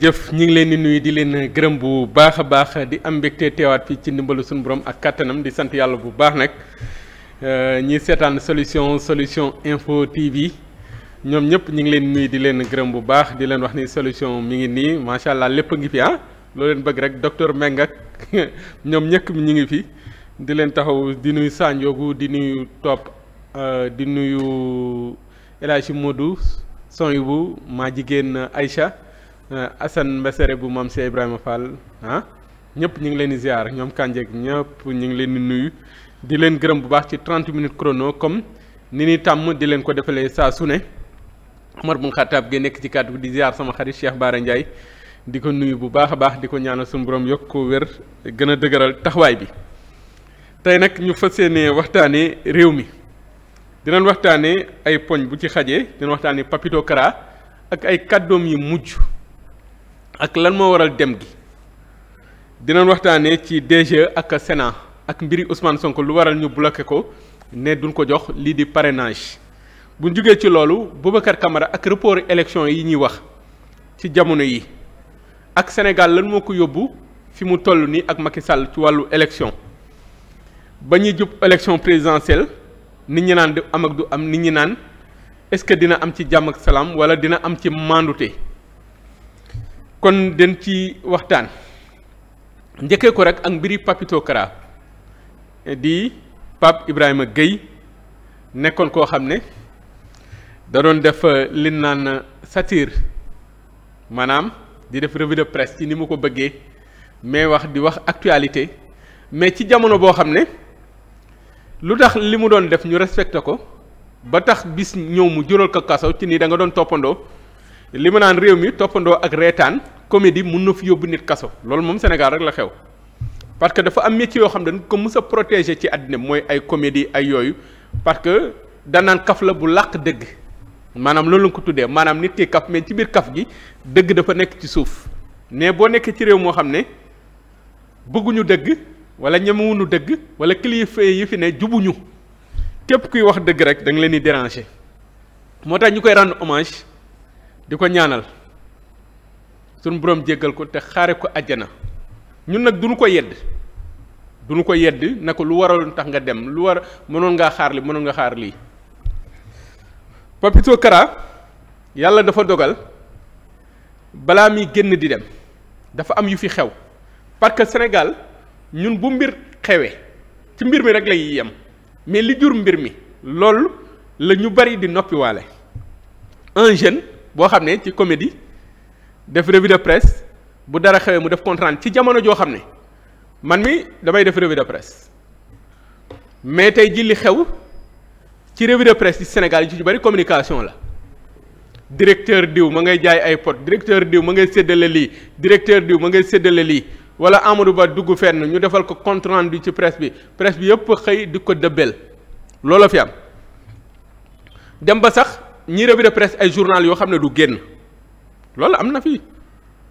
jëf ñu ngi leen di nuyu di leen gërëm bu baax a baax di am mbégte teewaat fii ci ndimbalu suñu borom ak kattanam di sant yàlla bu baax nag euh, ñi seetaan solution solution info TV ñoom ñëpp ñu ngi leen nuyu di leen gërëm bu baax di leen wax ni solution mi ngi nii macha allah lépp ngi fi ah loo leen bëgg rek docteur Meng ak ñoom ñëkk mi ñu ngi fi di leen taxaw di nuyu Sanjoogu di nuyu topp euh, di nuyu El Hadj Modou son yu bu maa jigéen Aïcha. Euh, Assane Mbesere bu mam si Ibrahima Fall ah ñëpp ñu ngi leen di ziar ñoom Kanjeeg ñëpp ñu ngi leen di nuyu di leen gërëm bu baax ci 30 minutes chrono comme ni ni tàmm di leen ko defalee saa su ne Omar bun Xattaab gi nekk ci kàddu di ziar sama xarit Cheikh Baara Ndiaye di ko nuyu bu baax a baax di ko ñaanal suñu borom yokk ko wér gën a dëgëral taxawaay bi tey nag ñu fa yéenee waxtaanee réew mi dinañ waxtaanee ay poñ bu ci xajee dinañ waxtaanee Papito Kara ak ay kàddoom yi mujj. ak lan moo waral dem gi dinañ waxtaanee ci DG ak Sénat ak mbiri Ousmane Sonko lu waral ñu bloqué ko ne duñ ko jox lii di parenage bu jugee ci loolu Boubacar Camara ak report élection yi ñuy wax ci jamono yi ak Sénégal lan moo ko yóbbu fi mu toll nii ak Macky Sall ci wàllu élection ba ñuy jub élection présidentielle ni ñi naan di am ak du am ni ñi naan est-ce que dina am ci jàmm ak salaam wala dina am ci maandute. kon den ci waxtaan njëkkee ko rek ak mbiri Papito Kara di Pape Ibrahima Guèye nekkoon koo xam ne da doon def euh, li naan euh, satire maanaam di def revue de presse ci ni mu ko bëggee mais wax di wax actualité mais ci jamono boo xam ne lu tax li mu doon def ñu respecté ko ba tax bis ñëw mu jural ko kaso ci nii da nga doon toppandoo li ma naan réew mi toppandoo ak reetaan comédie mun na fi yóbbu nit kaso loolu moom Sénégal rek la xew parce que dafa am métier yoo xam ne dañ ko mës a protéger ci àddina mooy ay comédie ay yooyu parce que danaan kaf la bu làq dëgg maanaam loolu lañ ko tuddee maanaam nit ki kaf mais ci biir kaf gi dëgg dafa nekk ci suuf mais boo nekkee ci réew moo xam ne bëgguñu dëgg wala ñemewuñu dëgg wala kilifa yi fi ne jubuñu képp kuy wax dëgg rek da leen di déranger moo tax ñu koy rendre hommage di ko ñaanal sunu borom jéggal ko te xaare ko àjjana ñun nag duñu ko yedd duñu ko yedd na ko lu waraloon tax nga dem lu war mënoon ngaa xaar li nga xaar lii Papito Kara yàlla dafa dogal balaa mi génn di dem dafa am yu fi xew parce que Sénégal ñun bu mbir xewee ci mbir mi rek lay ñuy yem mais li jur mbir mi loolu la ñu bari di noppiwaale un jeune boo xam ne ci comédie def revue de bu dara xewee mu def compte ci jamono joo xam ne man mi damay def revue de presse mais tey jii li xew ci revue de presse ci Sénégal yi ci bari communication la directeur diw ma ngay jaay ay pot directeur diw ma ngay séddale lii directeur diw ma ngay séddale lii wala Amadou Ba dugg fenn ñu defal ko compte rendu ci presse bi presse bi yëpp xëy di ko dëbbel loola fi am dem ba sax. ñi bi de presque ay journal yoo xam ne du génn loolu am na fii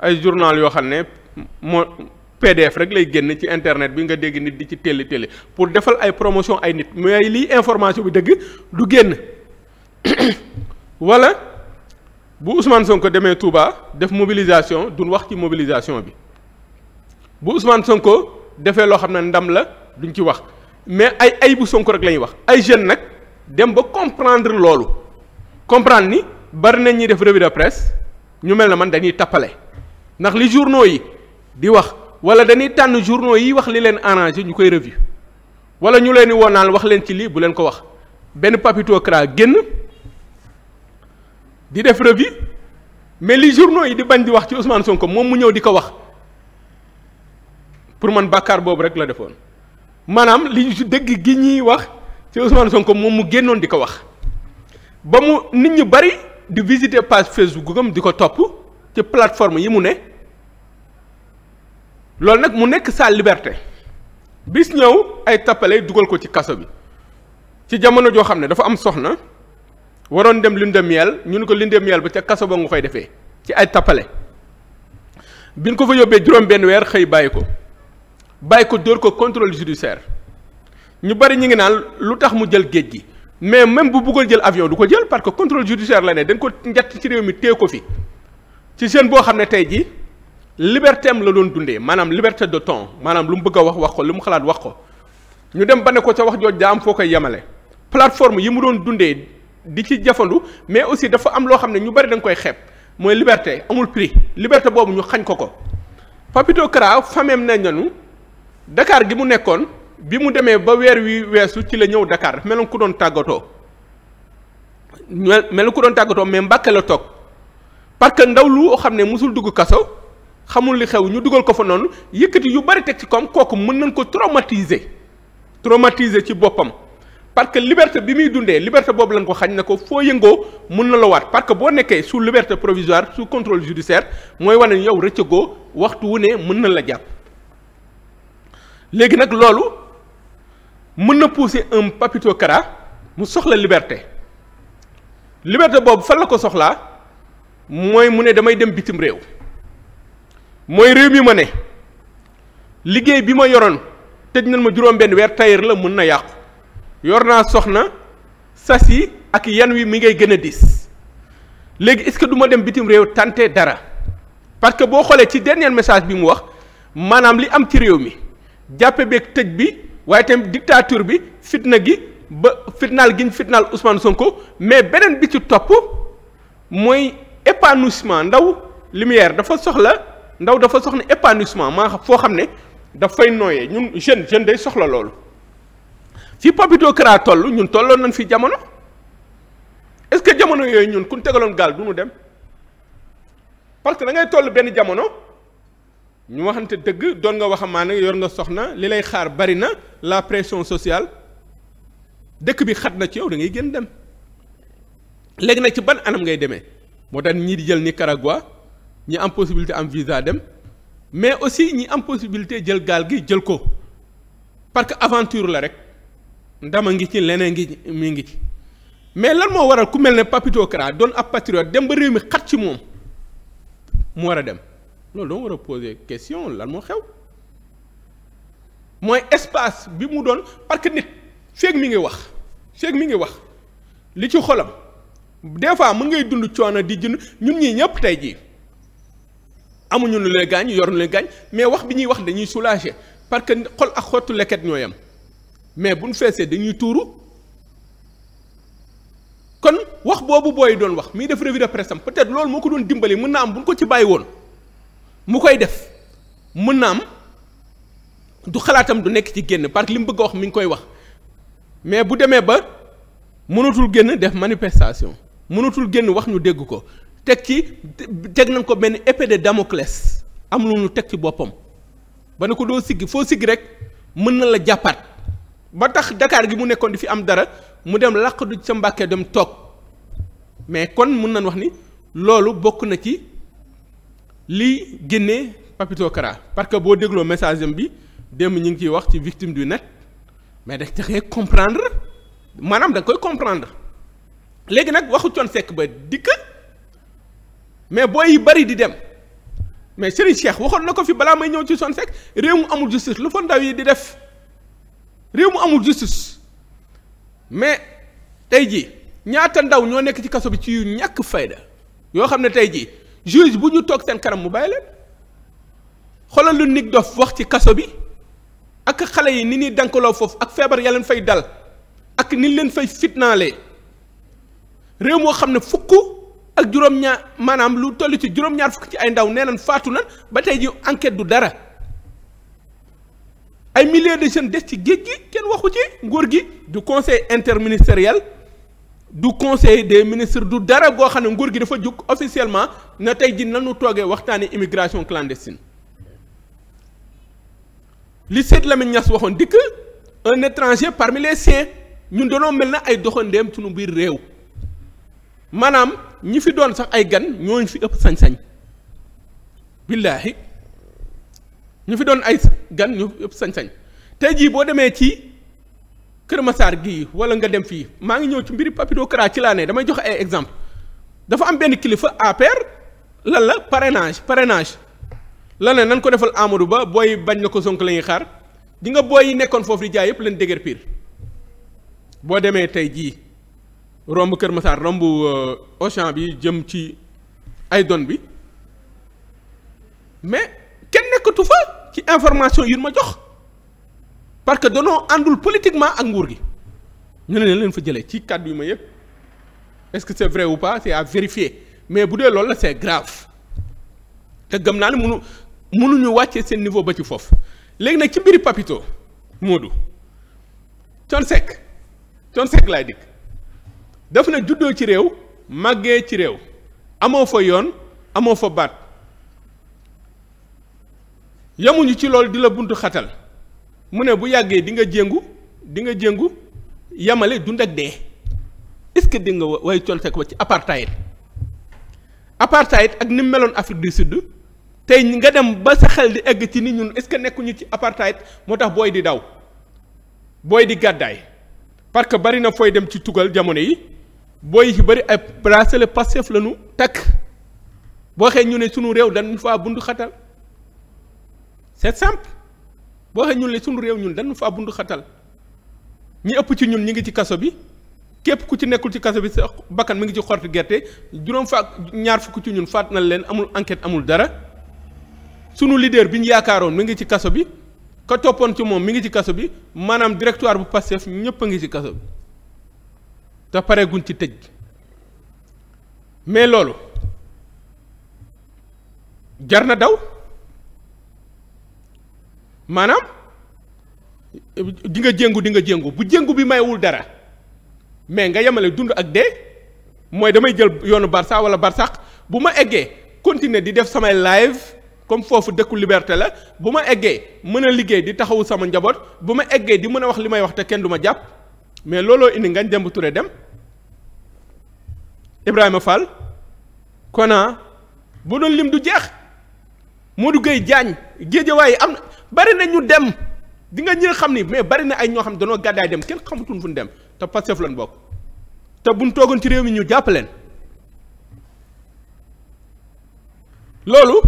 ay journal yoo xam ne moo PDF rek lay génn ci internet bi nga dégg nit di ci télé télé pour defal ay promotion ay nit mais lii information bi dëgg du génn wala bu Ousmane Sonko demee Touba def mobilisation du wax ci mobilisation bi bu Ousmane Sonko defee loo xam ne ndam la duñ ci wax mais ay ay bu Sonko rek la ñuy wax ay jeunes nag dem ba comprendre loolu. comprendre ni bari nañ ñuy def revue de presse ñu mel na man dañuy tappale ndax li journaux yi di wax wala dañuy tànn journaux yi wax li leen arrangé ñu koy revue wala ñu leen di wonaal wax leen ci lii bu leen ko wax benn Papito Kara génn di def revue mais li journaux yi di bañ di wax ci Ousmane Sonko moom mu ñëw di ko wax pour man bàkkaar boobu rek la defoon maanaam li dëgg gi ñuy wax ci Ousmane Sonko moom mu génnoon di ko wax. ba mu nit ñu bari di visiter page Facebook am di ko topp ci plateforme yi mu ne loolu nag mu nekk sa liberté bis ñëw ay tappale dugal ko ci kaso bi ci jamono joo xam ne dafa am soxna waroon dem lune de miel ñu ne ko lune de miel ba ca kaso ba nga koy defee ci ay tappale biñ ko fa yóbbee juróom benn weer xëy bàyyi ko bàyyi ko dóor ko contrôle judiciaire ñu bari ñu ngi naan lu tax mu jël géej gi mais même bu bëggoon jël avion du ko jël parce que contrôle judiciaire la ne dañ ko njatt ci réew mi téye ko fi ci jeune boo xam ne tey jii liberté la doon dundee maanaam liberté de ton maanaam lu mu bëgg a wax wax ko lu mu xalaat wax ko ñu dem ba ne ko ca wax jooj daa am foo koy yemale plateforme yi mu doon dundee di ci jafandu mais aussi dafa am loo xam ne ñu bari dañ koy xeeb mooy liberté amul prix liberté boobu ñu xañ ko ko Papito Kara fameem nañ nañu Dakar gi mu nekkoon. bi mu demee ba weer wi weesu ci la ñëw dakaar dafa mel ku doon tàggatoo mel ku doon tàggatoo mais Mbàkke la toog parce que ndaw lu xam ne mësul dugg kaso xamul li xew ñu dugal ko fa noonu yëkkati yu bari teg ci comme kooku mën nañ ko traumatiser traumatiser ci boppam parce que liberté bi muy dundee liberté boobu lañ ko xañ na ko foo yëngoo mën na la waat parce que boo nekkee sous liberté provisoire sous contrôle judiciaire mooy wane yow rëccëgoo waxtu wu ne mën na la jàpp léegi nag loolu. mën na pousser un Papito Kara mu soxla liberté liberté boobu fan la ko soxlaa mooy mu ne damay dem bitim réew mooy réew mi ma ne liggéey bi ma yoroon tëj nañ ma juróom-benn weer tailleur la mën na yàqu yor naa soxna sas yi ak yan wi mi ngay gën a diis léegi est-ce que du dem bitim réew tenter dara parce que boo xoolee ci dernier message bi mu wax maanaam li am ci réew mi jàppe beeg tëj bi. waaye tamit dictature bi fitna gi ba fitnaal giñ fitnaal Ousmane Sonko mais beneen bi ci topp mooy épanouissement ndaw lumière dafa soxla ndaw dafa soxla épanouissement maa foo xam ne dafay nooyee ñun jeune jeune day soxla loolu fi Papito Kara toll ñun tolloon nañ fi jamono est-ce que jamono yooyu ñun ku ñu tegaloon gaal du ñu dem parce que da ngay toll benn jamono. ñu waxante dëgg doon nga waxamaane yor nga soxna li lay xaar bari na la pression sociale dëkk bi xat na ci yow da ngay gën dem léegi nag ci ban anam ngay demee moo tax ñii di jël ni Nicaragua ñi am possibilité am visa dem mais aussi ñi am possibilité jël gaal gi jël ko parce que aventure la rek ndama ngi ci leneen ngi mi ngi ci mais lan moo waral ku mel ne Papito Kara doon ab patriote dem ba réew mi xat ci moom mu war a dem. loolu doo war a poser question lan moo xew mooy espace bi mu doon parce que nit feeg mi ngi wax feeg mi ngi wax li ci xolam des fois mën ngay dund coono di jënd ñun ñii ñëpp tey jii amuñu lu leen gaañ yoruñu leen gaañ mais wax bi ñuy wax dañuy soulager parce que xol ak xottu leket ñoo yam mais buñ feesee dañuy tuuru kon wax boobu booy doon wax muy def revue de presse am peut loolu moo ko doon dimbali mën na am buñ ko ci bàyyi woon. mu koy def mën naa am du xalaatam du nekk ci génn parce que li mu bëgg a wax mi ngi koy wax mais bu demee ba mënatul génn def manifestation mënatul génn wax ñu dégg ko teg ci teg nañ ko benn épée de Damoclès am lu ñu teg ci boppam ba ne ko doo sigg foo sigg rek mën na la jàppaat ba tax Dakar gi mu nekkoon di fi am dara mu dem làq du sa Mbàkke dem toog mais kon mën nañ wax ni loolu bokk na ci lii génnee Papito Kara parce que boo dégloo message am bi démb ñu ngi ciy wax ci victime du net mais da nga comprendre maanaam da nga koy comprendre léegi nag waxu Thione Seck ba dikk mais booy yi bëri di dem mais Serigne Cheikh waxoon na ko fi balaa may ñëw ci Thione Seck réew mu amul justice lu fa ndaw yi di def réew mu amul justice mais tey ji ñaata ndaw ñoo nekk ci kaso bi ci yu ñàkk fayda yoo xam ne tey jii. juge bu ñu toog seen kanam mu bàyyi leen xoolal lu nit dof wax ci kaso bi ak xale yi ni ñuy dankaloo foofu ak feebar ya leen fay dal ak ni leen fay fitnaalee réew moo xam ne fukk ak juróom-ñaar maanaam lu toll ci juróom-ñaar fukk ci ay ndaw nee nañ faatu na ba tey ji enquête du dara ay milliers de seen des ci géej gi kenn waxu ci nguur gi du conseil interministériel du conseil des ministres du dara goo xam ne nguur gi dafa jug officiellement na tey ji nanu toogee waxtaanee immigration clandestine li Seydi Lamine Niass waxoon dikk un étranger parmi les siens ñun danoo mel na ay doxandeem suñu biir réew maanaam ñi fi doon sax ay gan ñooñu fi ëpp sañ-sañ billaahi ñu fi doon ay gan ñu ëpp sañ-sañ tey jii boo demee ci Kër Massar gii wala nga dem fii maa ngi ñëw ci mbiri Papito Kara ci laa ne damay jox ay exemple dafa am benn kilifa APR lan la parrainage parrainage lan la nan ko defal Amadou Ba booy bañ na ko Sonko la ñuy xaar di nga booy nekkoon foofu di jaay yëpp leen dégër piir boo demee tey jii romb Kër Massar romb euh, Auchan bi jëm ci ay don bi mais kenn nekkatu fa ci information yu ma jox. parce que danoo àndul politiquement ak nguur gi ñu ne leen fa jëlee ci kàddu yu ma yëpp est-ce que c'est vrai ou pas c'est à vérifier mais bu dee loolu la c'est grave te gëm naa ne munu mënuñu wàcce seen niveau ba ci foofu léegi nag ci mbiri papito Moodu Thione Seck Thione Seck laay dikk daf na juddoo ci réew màggee ci réew amoo fa yoon amoo fa baat yamuñu ci loolu di la buntu xatal mu ne bu yàggee di nga jéngu di nga jéngu yamale dund ak dee est-ce que dégg nga way col ko ci apartheid apartheid ak ni mu meloon Afrique du Sud tey nga dem ba sa xel di egg ci ni ñun est-ce que nekkuñu ci apartheid moo tax booy di daw booy di gàddaay parce que bari na fooy dem ci tugal jamono yi booy yi ci bari ay bracelet Pastef la ñu takk boo xee ñu ne suñu réew dañu faa bundu xatal c'est simple. boo waxee ñun la suñu réew ñun dañu faa bundu xatal ñi ëpp ci ñun ñi ngi ci kaso bi képp ku ci nekkul ci kaso bi sa bakkan mi ngi ci xorti gerte juróom fa ñaar fukk ci ñun faat na leen amul enquête amul dara sunu leader bi ñu yaakaaroon mu ngi ci kaso bi ka toppoon ci moom mi ngi ci kaso bi maanaam directoire bu Pastef ñëpp ngi ci kaso bi te pareeguñ ci tëj mais loolu jar na daw. maanaam di nga jéngu di nga jéngu bu jéngu bi mayewul dara mais nga yemale dund ak dee mooy damay jël yoonu Barça wala Barsaq bu ma eggee continuer di def samay live comme foofu dëkku liberté la bu ma eggee mën a liggéey di taxawu sama njaboot bu ma eggee di mën a wax li may wax te kenn du ma jàpp mais looloo indi Ngagne Demba Touré dem Ibrahima Fall Kona bu doon lim du jeex moo Modou Gueye Diagne géejawaay am na bari na ñu dem di nga ñëw xam ni mais bari na ay ñoo xam ne danoo gàddaay dem kenn xamatuñ fu nu dem te Pastef lañ bokk te buñ toogoon ci réew mi ñu jàpp loolu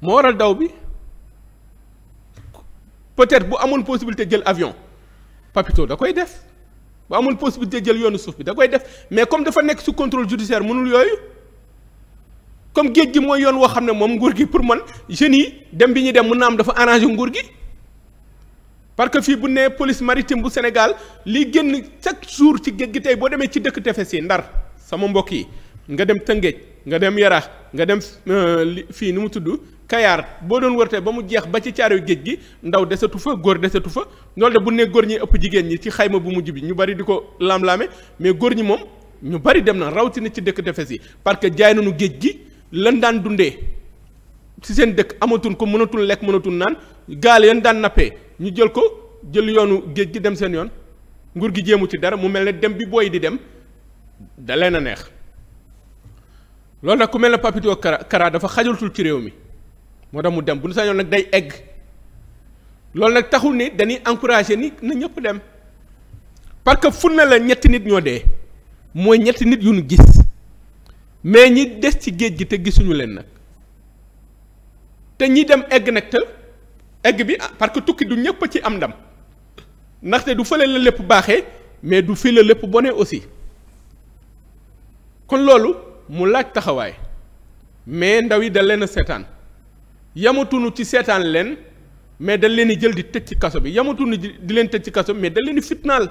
moo waral daw bi peut bu amoon possibilité jël avion papito da koy def bu amoon possibilité jël yoonu suuf bi da koy def mais comme dafa nekk sous contrôle judiciaire mënul yooyu. comme géej gi mooy yoon woo xam ne moom nguur gi pour man jeunes yi dem bi ñuy dem mën na am dafa arrangé nguur gi parce que fii bu nee police maritime bu Sénégal li génn chaque jour ci géej gi tey boo demee ci dëkk tefes yi ndar sama mbokk yi nga dem Tëngéej nga dem yara nga dem euh, fii nu mu tudd Kayaar boo doon wërte ba mu jeex ba ci caaru géej gi ndaw desatu fa góor desetu fa loolu de bu ne góor ñi ëpp jigéen ñi ci xayma bu mujj bi ñu bari di ko lam-laame mais góor ñi moom ñu bari dem na rawatina ci dëkk tefes yi parce que jaay nañu géej gi. lan daan dundee ci seen dëkk amatuñ ko mënatul lekk mënatul naan gaal yan daan nappee ñu jël ko jël yoonu géej gi dem seen yoon nguur gi jéemu ci dara mu mel ne dem bi booy di dem da leen a neex loolu nag ku mel ne Papito Kara Kara dafa xajatul ci réew mi moo tax mu dem bu ñu sañoon nag day egg loolu nag taxul ni dañuy encouragé ni na ñëpp dem parce que fun na la ñetti nit ñoo dee mooy ñetti nit yu ñu gis mais ñi des ci géej gi te gisuñu leen nag te ñi dem egg nag te egg bi ah, parce que tukki du ñëpp ci am ndam ndaxte du fële la lépp baaxee mais du fii la lépp bone aussi kon loolu mu laaj taxawaay mais ndaw yi da leen a seetaan yamatuñu ci seetaan leen mais da leen di jël di tëj ci kaso bi yamatuñu di leen tëj ci kaso bi mais da leen fitnaal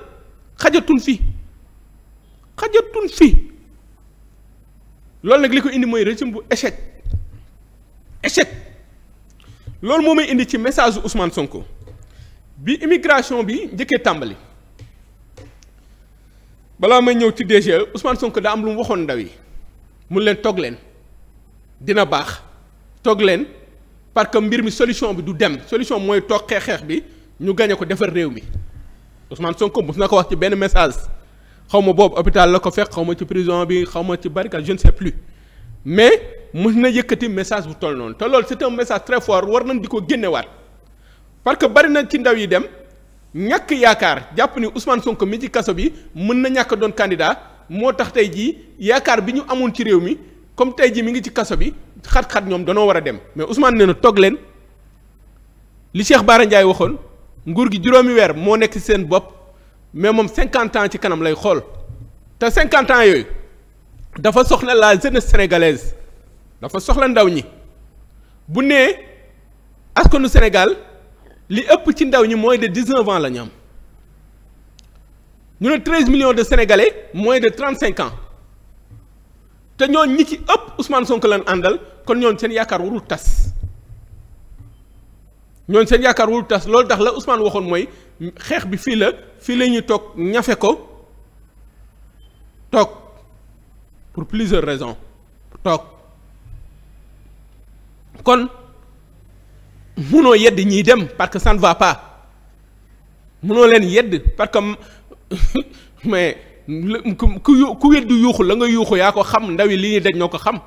xajatun fi xajatun fi loolu nag li ko indi mooy régime bu échec échec loolu moo may indi ci message Ousmane Sonko bi immigration bi njëkkee tàmbali balaa may ñëw ci DGE Ousmane Sonko daa am lu mu waxoon ndaw yi mun leen toog leen dina baax toog leen parce que mbir mi solution bi du dem solution mooy toog xeex xeex bi ñu gañe ko defar réew mi Ousmane Sonko mos na ko wax ci benn message. xaw ma boobu hôpital la ko fekk xaw ma ci prison bi xaw ma ci barricade je ne sais plus mais mën na yëkkati message bu toll noonu te loolu c'est un message très fort war nañ di ko génnewaat parce que bari na ci ndaw yi dem ñàkk yaakaar jàpp ni Ousmane Sonko mi ci kaso bi mën na ñàkk doon candidat moo tax tey jii yaakaar bi ñu amoon ci réew mi comme tey jii mi ngi ci kaso bi xat-xat ñoom danoo war a dem mais Ousmane nee na toog leen li Cheikh Bara Ndiaye waxoon nguur gi juróomi weer moo nekk seen bopp mais moom cinquante ans ci kanam lay xool te cinquante ans yooyu dafa soxla la jeunesse sénégalaise dafa soxla ndaw ñi bu nee askanu Sénégal li ëpp ci ndaw ñi mooy de dix-neuf ans la ñu am ñu ne treize millions de sénégalais moins de trente-cinq te ñooñ ñi ci ëpp Ousmane Sonko lañ àndal kon ñoom seen yaakaar warul tas ñooñ seen yaakaar wul tas loolu tax la Ousmane waxoon mooy xeex bi fii la fii la ñuy toog ñafe ko toog pour plusieurs raisons toog kon munoo yedd ñiy dem parce que ça va pas munoo leen yedd parce que mais ku ku weddi yuuxu la nga yuuxu yaa ko xam ndaw yi li ñuy daj ñoo ko xam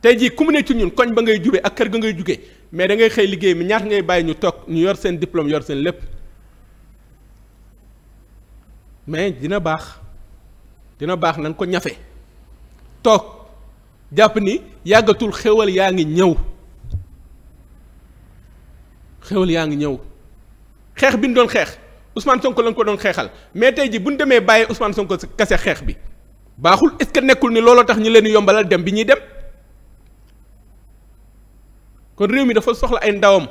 tey jii ku mu ne ci ñun koñ ba ngay jubee ak kër ga ngay jugee mais da ngay xëy liggéey mi ñaata ngay bàyyi ñu toog ñu yor seen diplôme yor seen lépp mais dina baax dina baax nañ ko ñafe toog jàpp ni yàggatul xéwal yaa ngi ñëw xéwal yaa ngi ñëw xeex bi ñu doon xeex Ousmane Sonko lañ ko doon xeexal mais tey ji bu ñu demee bàyyi Ousmane Sonko kase xeex bi baaxul est-ce que nekkul ni looloo tax ñu leen yombalal dem bi ñuy dem. kon réew mi dafa soxla ay ndawam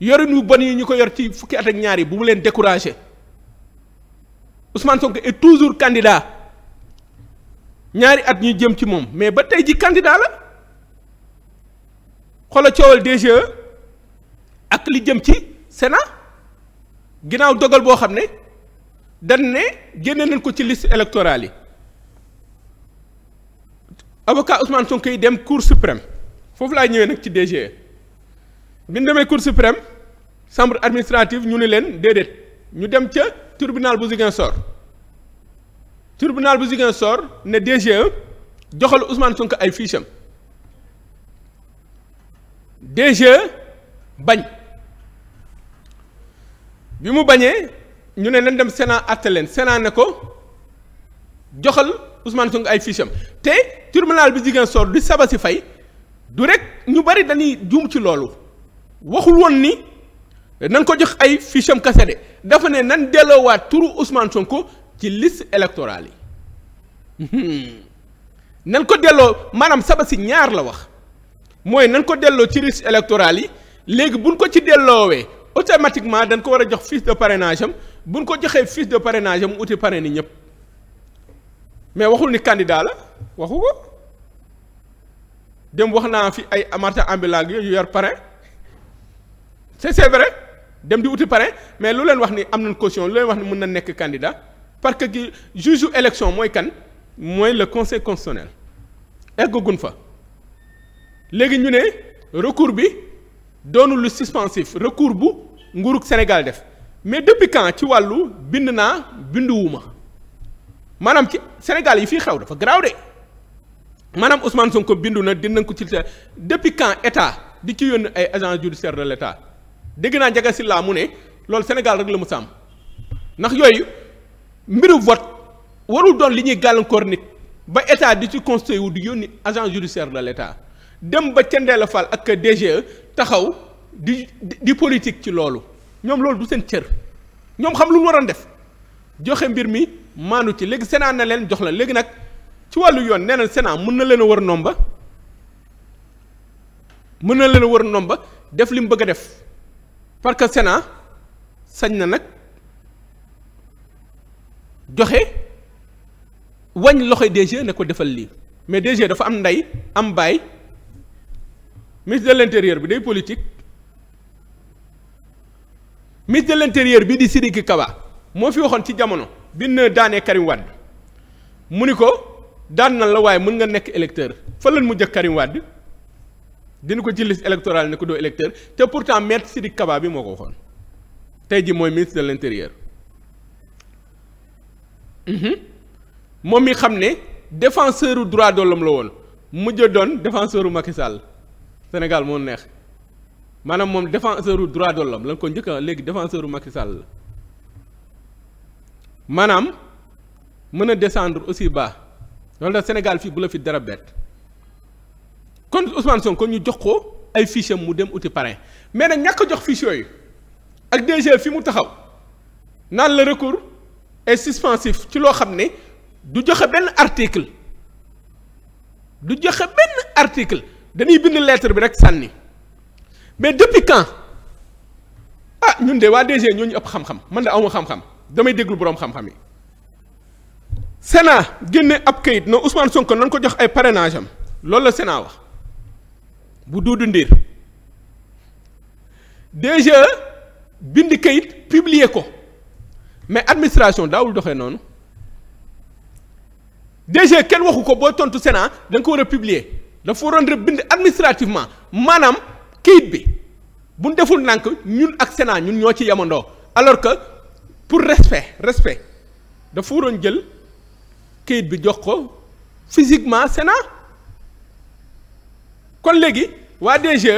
yorin yu bon yi ñu ko yor ci fukki at ak ñaar bu mu leen découragé Ousmane Sonko est toujours candidat ñaari at ñuy jëm ci moom mais ba tey ji candidat la xoola coowal DGE ak li jëm ci Sénat ginnaaw dogal boo xam ne dañ ne génne nañ ko ci liste électorale yi avocat Ousmane Sonko yi dem Cour suprême foofu laay ñëwee nag ci DGE bi ñu demee cour suprême chambre administrative ñu ni leen déedéet ñu dem ca tribunal bu Ziguinchor tribunal bu Ziguinchor ne DGE joxal Ousmane Sonko ay fiches am e bañ bi mu bañee ñu ne leen dem Sénat àtte leen Sénat ne ko joxal Ousmane Sonko ay fiches te tribunal bu Ziguinchor du saba si fay du rek ñu bari dañuy juum ci loolu waxul woon ni nan ko jox ay fiche am kase dafa ne nan delloowaat turu Ousmane ko ci liste électorale yi hmm. nan ko delloo maanaam saba si ñaar la wax mooy nan ko delloo ci liste électorale yi léegi buñ ko ci delloowee automatiquement dañ ko war a jox fiche de parrainage bu buñ ko joxee fiche de parrainage am uti parrain ni ñëpp mais waxul ni candidat la waxu ko. dem wax naa fi ay marchand ambulant yu yar parrain c'est c'est vrai dem di wuti parrain mais lu wax ni am nañ caution lu leen wax ni mën na nekk candidat parce que gi juge élection mooy kan mooy le conseil constitutionnel eggagun fa léegi ñu ne recours bi doonu lu suspensif recours bu nguurug Sénégal def mais depuis quand ci wàllu bind naa binduwuma maanaam ci Sénégal yi fii xew dafa garaaw de. maanaam Ousmane Sonko bindu na di dinañ ko ci depuis quand état di ci yónni ay agents judiciaires de l' dégg naa Ndiaga laa mu ne loolu Sénégal rek la mu sàmm ndax yooyu mbiru vote warul doon li ñuy gàllankoor nit ba état di ci conseil wu di yónni agent judiciaire de l' dem ba Thiendella Fall ak DGE taxaw di di politique ci loolu ñoom loolu du seen cër ñoom xam lu mu waroon def joxe mbir mi maanu ci léegi Sénat na leen jox la léegi nag. ci wàllu yoon nee na mun na leen a wër nomba mun na leen a wër nomba def li bëgg a def parce que Sénat sañ na nag joxe wañ loxoy DG ne ko defal lii mais DG dafa am ndey am baay ministre de l'intérieur bi day politique ministre de l'intérieur bi di siriki Kaba moo fi waxoon ci jamono bi na daanee Karim Wade mu ni ko daan na la waaye mën nga nekk électeur fa lan mu jëkk Karim Wade dina ko ci liste ne ko doo électeur te pourtant maître Sidiki Kaba bi moo ko waxoon tey ji mooy ministre de l'intérieur mhm. moom mi xam ne défenseur u droit de la woon mujj doon défenseur u Macky Sénégal moo neex maanaam moom défenseur u droit de l'homme ko njëkk a léegi défenseur u Macky maanaam mën a descendre aussi bas loolu la Sénégal fii bu la fi dara bett kon Ousmane Sonko ñu jox ko ay fiches mu dem uti parrain mais nag ñàkk jox fiches yooyu ak DG fi mu taxaw naan la recours est suspensif ci loo xam ne du joxe benn article du joxe benn article dañuy bind lettre bi rek sànni mais depuis quand ah ñun de waa DG ñooñu ëpp xam-xam man de awma xam-xam damay déglu boroom xam-xam yi. Sénat génne ab kayit na Ousmane Sonko nañ ko jox ay parrainage am loolu la Sénat wax bu Doudou Ndir DG bind kayit publier ko mais administration daawul doxe noonu DG kenn waxu ko boo tontu Sénat da ko war a publier dafa waroon bind administrativement maanaam kayit bi buñ deful ndànk ñun ak Sénat ñun ñoo ci yamandoo alors que pour respect respe dafa waroon jël. kayit bi jox ko physiquement Sénat kon léegi waa DGE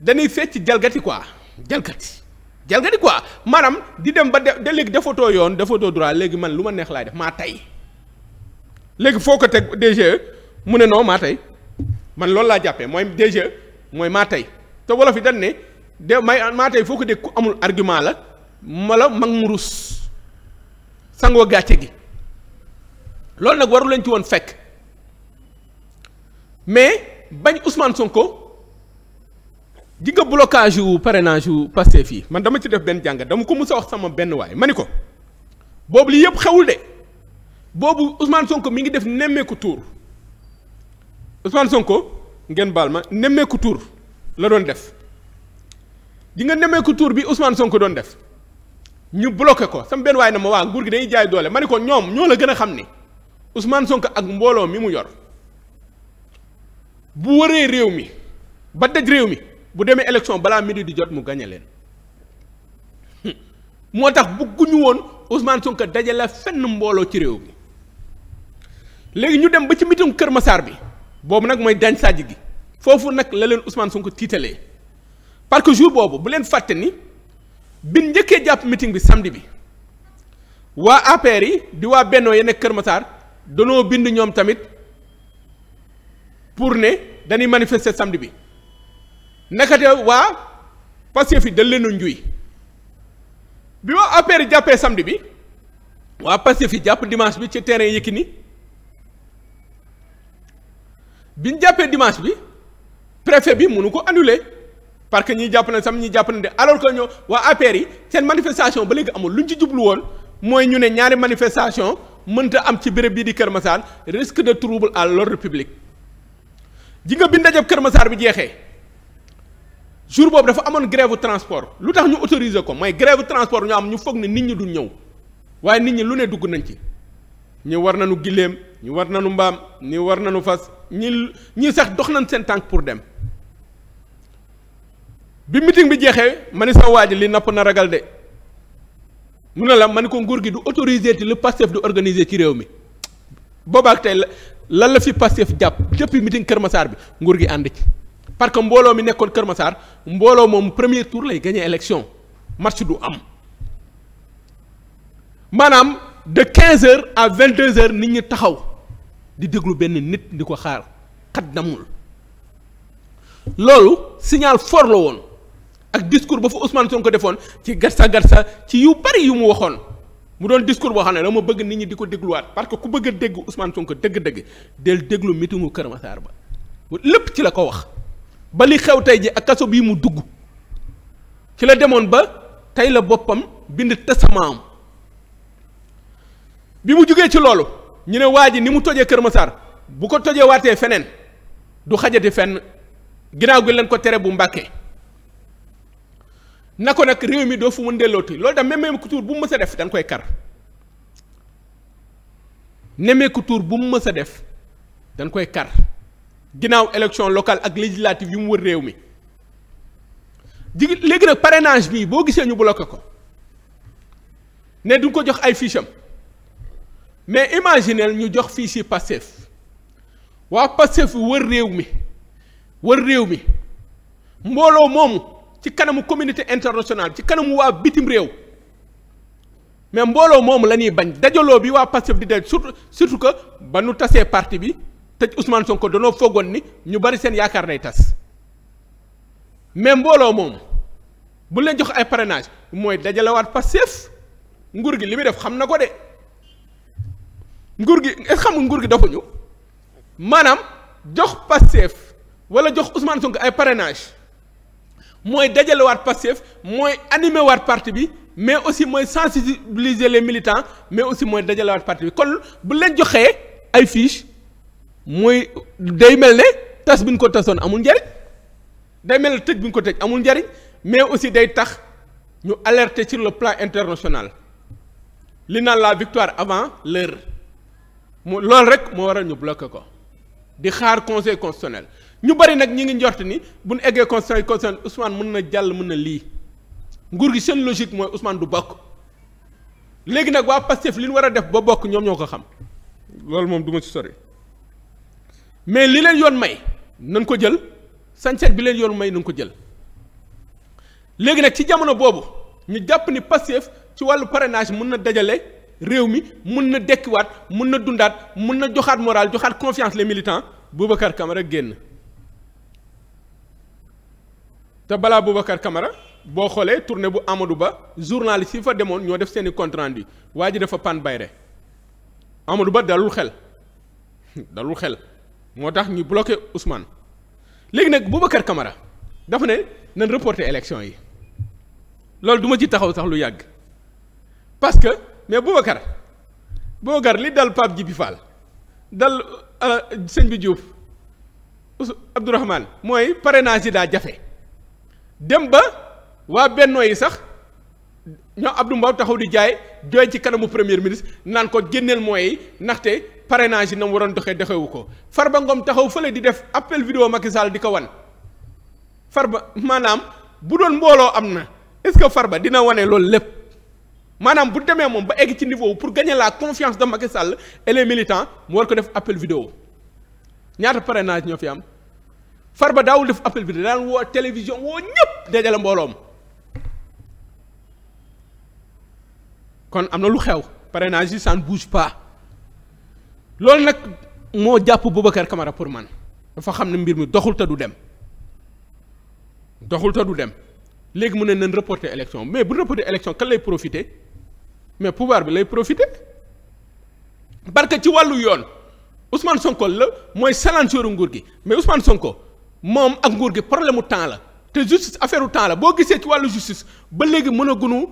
dañuy fecc jalgati quoi jalgati jalgati quoi maanaam di dem ba de léegi defatoo yoon defatoo droit léegi man lu ma neex laay def maa tey léegi foo ko teg DGE mu ne non maa tey man loolu laa jàppee mooy DGE mooy maa tey te wolof yi dañ ne de may maa tey foo ko dégg ku amul argument la ma la mag mu rus sangoo gàcce gi. loolu nag waru leen ci woon fekk mais bañ Ousmane Sonko di nga blocage yu parrainage yu Pastef yi man dama ci def benn jàngat dama ko mus a wax sama benn waay ma ni ko boobu lii yëpp xewul de boobu usmaan Sonko mi ngi def nemmeeku tuur Ousmane Sonko ngeen baal ma nemmeeku tuur la doon def di nga nemmeeku tuur bi Ousmane Sonko doon def ñu bloqué ko sama benn waay na ma waa nguur gi dañuy jaay doole ma ni ko ñoom ñoo la gën a xam ni Ousmane Sonko ak mbooloo mi mu yor bu wëree réew mi ba daj réew mi bu demee élection balaa midi di jot mu gañe leen hmm. moo tax bëgguñu woon Ousmane Sonko dajale fenn mbooloo ci réew mi léegi ñu dem ba ci mitum Kër Masaar bi boobu nag mooy dañ sàjj gi foofu nag la leen Ousmane Sonko tiitalee parce que jour boobu bu leen fàtte ni bi njëkkee jàpp meeting bi samedi bi waa APR yi di waa Bennoo ya nekk Kër Masaar danoo bind ñoom tamit pour ne dañuy manifeste samedi bi nakate waa Pastef yi dañ leen a bi waa APR jàppee samedi bi waa Pastef fi jàpp dimanche bi ci terrain Yékini bi ñu jàppee dimanche bi préfet bi mënu ko annuler parce que ñi jàpp na sam ñi jàpp na de alors que ñoo waa APR yi seen manifestation ba léegi amul lu ñu ci jublu woon mooy ñu ne ñaari manifestation mënta am ci béréb bii di Kër Masar risque de trouble à l'ordre public ji nga bi ndajeb Kër Masar bi jeexee jour boobu dafa amoon grève transport lu tax ñu autoriser ko mooy grève transport ñu am ñu foog ne nit ñi du ñëw waaye nit ñi lu ne dugg nañ ci ñi war nañu giléem ñu war nañu mbaam ñi war nañu fas ñi ñi sax dox nañ seen tànk pour dem bi meeting bi jeexee ma ni sa waa ji li napp na ragal de mun na la man ko nguur gi du autoriser ti lu Pastef du organiser ci réew mi boobaak tey la lan la fi Pastef jàpp depuis meeting Kër Massar bi nguur gi ànd ci parce que mbooloo mi nekkoon Kër Massar mbooloo moom premier tour lay gagné élection match du am maanaam de 15 heures à 22 heures nit ñi taxaw di déglu benn nit di ko xaar xat damul loolu signal fort la woon. ak discours ba fa Ousmane Sonko defoon ci gatsa gatsa ci yu bari yu mu waxoon mu doon discours boo xam ne dama bëgg nit ñi di ko dégluwaat parce que ku bëgg a dégg Ousmane Sonko dégg dëgg del déglu mitingu Kër Massar ba lépp ci la ko wax ba li xew tey ji ak kaso bii mu dugg ci la demoon ba tey la boppam bind testament bi mu jógee ci loolu ñu ne waa ji ni mu tojee Kër Massar bu ko tojee waatee feneen du xajati fenn ginnaaw gi leen ko tere bu Mbàkke na ko nag réew mi doo fu mën dellooti loolu tam nemmeeku tuur bu mu mës a def dañ koy kar nemmeeku tuur bu mu mës a def dañ koy kar ginnaaw élection locale ak législative yu mu wër réew mi jigi léegi nag parrainage bi boo gisee ñu bloqué ko ne duñ ko jox ay fiche mais imaginel ñu jox fiche yi Pastef waa Pastef wër réew mi wër réew mi mbooloo moomu ci kanamu communauté internationale ci kanamu waa bitim réew mais mbooloo moomu la ñuy bañ dajaloo bi waa Pastef di daj surtout surtout que ba nu tasee parti bi tëj Ousmane Sonko danoo foogoon ni ñu bari seen yaakaar day tas mais mbooloo moomu bu leen jox ay parrainage mooy dajalewaat Pastef nguur gi li muy def xam na ko de nguur gi est xam nguur gi dafa ñu maanaam jox Pastef wala jox Ousmane Sonko ay parrainage mooy dajalewaat Pastef mooy animé waat parti bi mais aussi mooy sensibiliser les militants mais aussi mooy dajalewaat parti bi kon bu leen joxee ay fiche mooy day mel ne tas bi ñu ko tasoon amul njariñ day mel ne tëj bi ñu ko tëj amul njariñ mais aussi day tax ñu alerte sur le plan international li naan la victoire avant l'heure mu loolu rek moo waral ñu bloqué ko di xaar conseil constitutionnel ñu bari nag ñi ngi njort ni bu ñu eggee conseil conseil Ousmane mën na jàll mën na lii nguur gi seen logique mooy Ousmane du bokk léegi nag waa Pastef li ñu war a def ba bokk ñoom ñoo ko xam loolu moom du ma ci sori mais li leen yoon may nañ ko jël sañ bi leen yoon may nañ ko jël léegi nag ci jamono boobu ñu jàpp ni Pastef ci wàllu parrainage mën na dajale réew mi mën na dekkiwaat mën na dundaat mën na joxaat moral joxaat confiance les militants Boubacar Camara génn. te balaa Boubacar kamara boo xoolee tournée bu Amadou Ba journaliste si fa demoon ñoo def seeni i compte rendu waa ji dafa pan bayre Amadou Ba dalul xel dalul xel moo tax ñu bloqué Ousmane léegi nag Boubacar kamara dafa ne nan reporter élection yi loolu duma ci taxaw sax lu yàgg parce que mais Boubacar Boubacar li dal Pape Djibi Fall dal euh, sëñ bi Diouf Abdourahmane mooy parrainage yi daa jafe. dem ba waa bennoo yi sax ñoo Abdou Mbow taxaw di jaay jooy ci kanamu premier ministre naan ko génneel mooy yi ndaxte parrainage yi na mu waroon doxee doxewu ko far ba ngoom taxaw fële di def appel vidéo Macky Sall di ko wan far ba maanaam bu doon mbooloo am na est-ce que Farba dina wane loolu lépp maanaam bu demee moom ba egg ci niveau pour gagner laa confiance de Macky Sall et les militants mu war ko def appel vidéo ñaata parrainage ñoo fi am. Farba daawul def appel bi daan woo télévision woo ñëpp dajale mbooloom kon am na lu xew parrainage yi ça ne bouge pas loolu nag moo jàpp Boubacar Camara pour man dafa xam ne mbir mi doxul te du dem doxul te du dem léegi mu ne nañ reporter élection mais bu reporter élection kan lay profiter mais pouvoir bi lay profiter parce que ci wàllu yoon Ousmane Sonko la mooy salanteeru nguur gi mais Ousmane Sonko. moom ak nguur gi problème mu temps la te justice affaire u temps la boo gisee ci wàllu justice ba léegi mën a gunu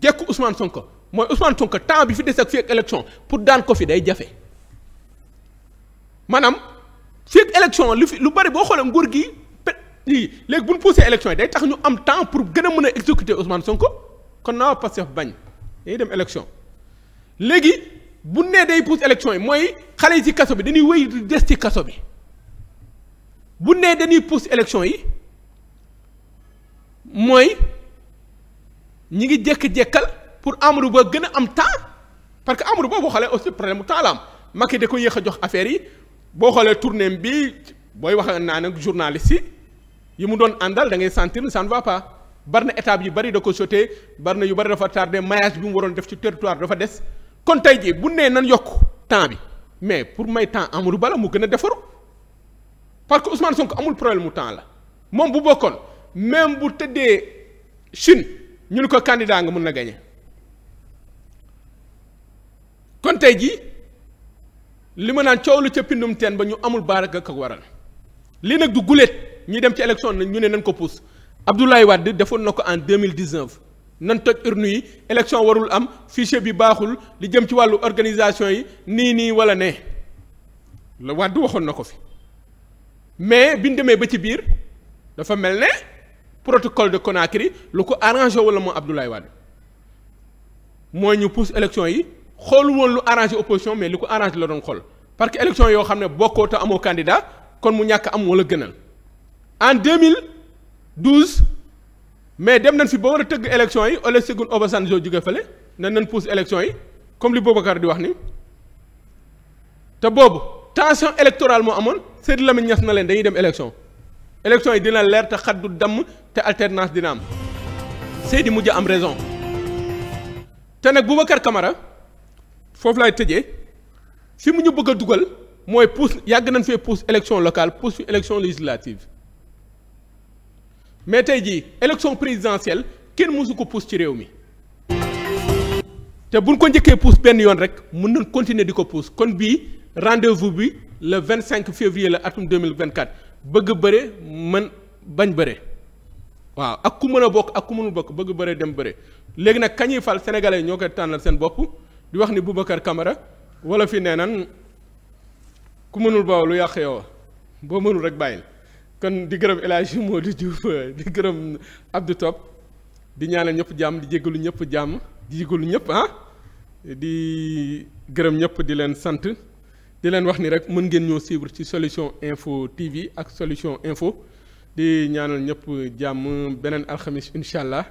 jekku Ousmane Sonko mooy Ousmane Sonko temps bi fi des ak pour daan ko fi day jafe maanaam fii ak élection lu fi lu bari boo xoolee nguur gi pe léegi bu ñu poussé élection yi day tax ñu am temps pour gën a mën a exécuter Ousmane Sonko kon naa Pastef bañ day dem élection léegi bu nee day pousse élection yi mooy xale yi ci kaso bi dañuy wéy di des ci kaso bi. bu nee dañuy pousse élection yi mooy ñi ngi jékki-jékkal pour Amadou Ba gën a am temps parce que Amadou Ba boo xoolee aussi problème mu temps la am Macky da ko yéex a jox affaire yi boo xoolee tournée bi booy wax naa nag journaliste yi yi mu doon àndal da ngay sentir ne ça ne va pas bari na étape yu bari da ko sauté bari na yu bari dafa de maillage bi mu waroon def ci territoire dafa des kon tey jii bu nee nan yokk temps bi mais pour may temps Amadou Ba la mu gën a defaru parce que Ousmane Sonko amul problème mu temps la moom bu bokkoon même bu tëddee Chine ñu ne ko candidat nga mun na gagné kon tey jii li ma naan coow lu ca pindum teen ba ñu amul baaraka ak waral lii nag du guléet ñi dem ci élection ñu ne nañ ko pousse Abdoulaye Wade defoon na ko en deux mille dix-neuf nan toj urne yi élection warul am fichier bi baaxul li jëm ci wàllu organisation yi nii nii walla ne la Wade waxoon na ko fi. mais bi ñu demee ba ci biir dafa mel ne protocole de Conakry lu ko arrangé wala moom Abdoulaye Wade mooy ñu pousse élection yi xoolu woon lu arrangé opposition mais li ko arrangé la doon xool parce que élection yoo xam ne bokkoo te amoo candidat kon mu ñàkk am wala gënal en 2012 mais dem nañ fi ba war a tëgg élection yi Olusegun Obasanjo jóge fële nañ nañ pousse élection yi comme li Boubacar di wax ni te boobu. tension électorale moo amoon Seydou Lamine Niass na leen dañuy dem élection élection yi dina leer te xaddu damm te alternance dina am Seydi mujj am raison te nag Boubacar Camara foofu lay tëjee fi mu ñu bëgg a dugal mooy pousse yàgg nañ fee pousse élection locale pousse fi élection législative mais tey jii élection présidentielle kenn mosu ko pousse ci réew mi te buñ ko njëkkee pousse benn yoon rek mën nañ continuer di ko pousse kon bii. rendez-vous bi le vingt cinq février la atum deux mille vingt quatre bëgg bëre mën bañ bëre waaw ak ku mën a bokk ak ku mënul bokk bëgg bëre dem bëre léegi nag kañuy fal sénégalais yi ñoo koy tànnal seen bopp di wax ni Boubacar kamara wala fi nee nan ku mënul boobu lu yàq yow boo mënul rek bàyyil kon di gërëm El Hadji di Diouf di gërëm Abdou Top di ñaanal ñëpp jàmm di jégalu ñëpp jàmm di jégalu ñëpp ah di gërëm ñëpp di leen sant. di leen wax ni rek mën ngeen ñoo suivre ci solution info TV ak solution info di ñaanal ñëpp jàmm beneen alxamis incha allah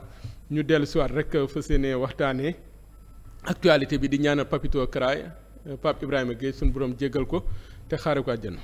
ñu dellu si rek fa seenee waxtaanee actualité bi di ñaanal Papito Karaay pap Ibrahima Gueye suñu borom jéggal ko te xaare ko àjjana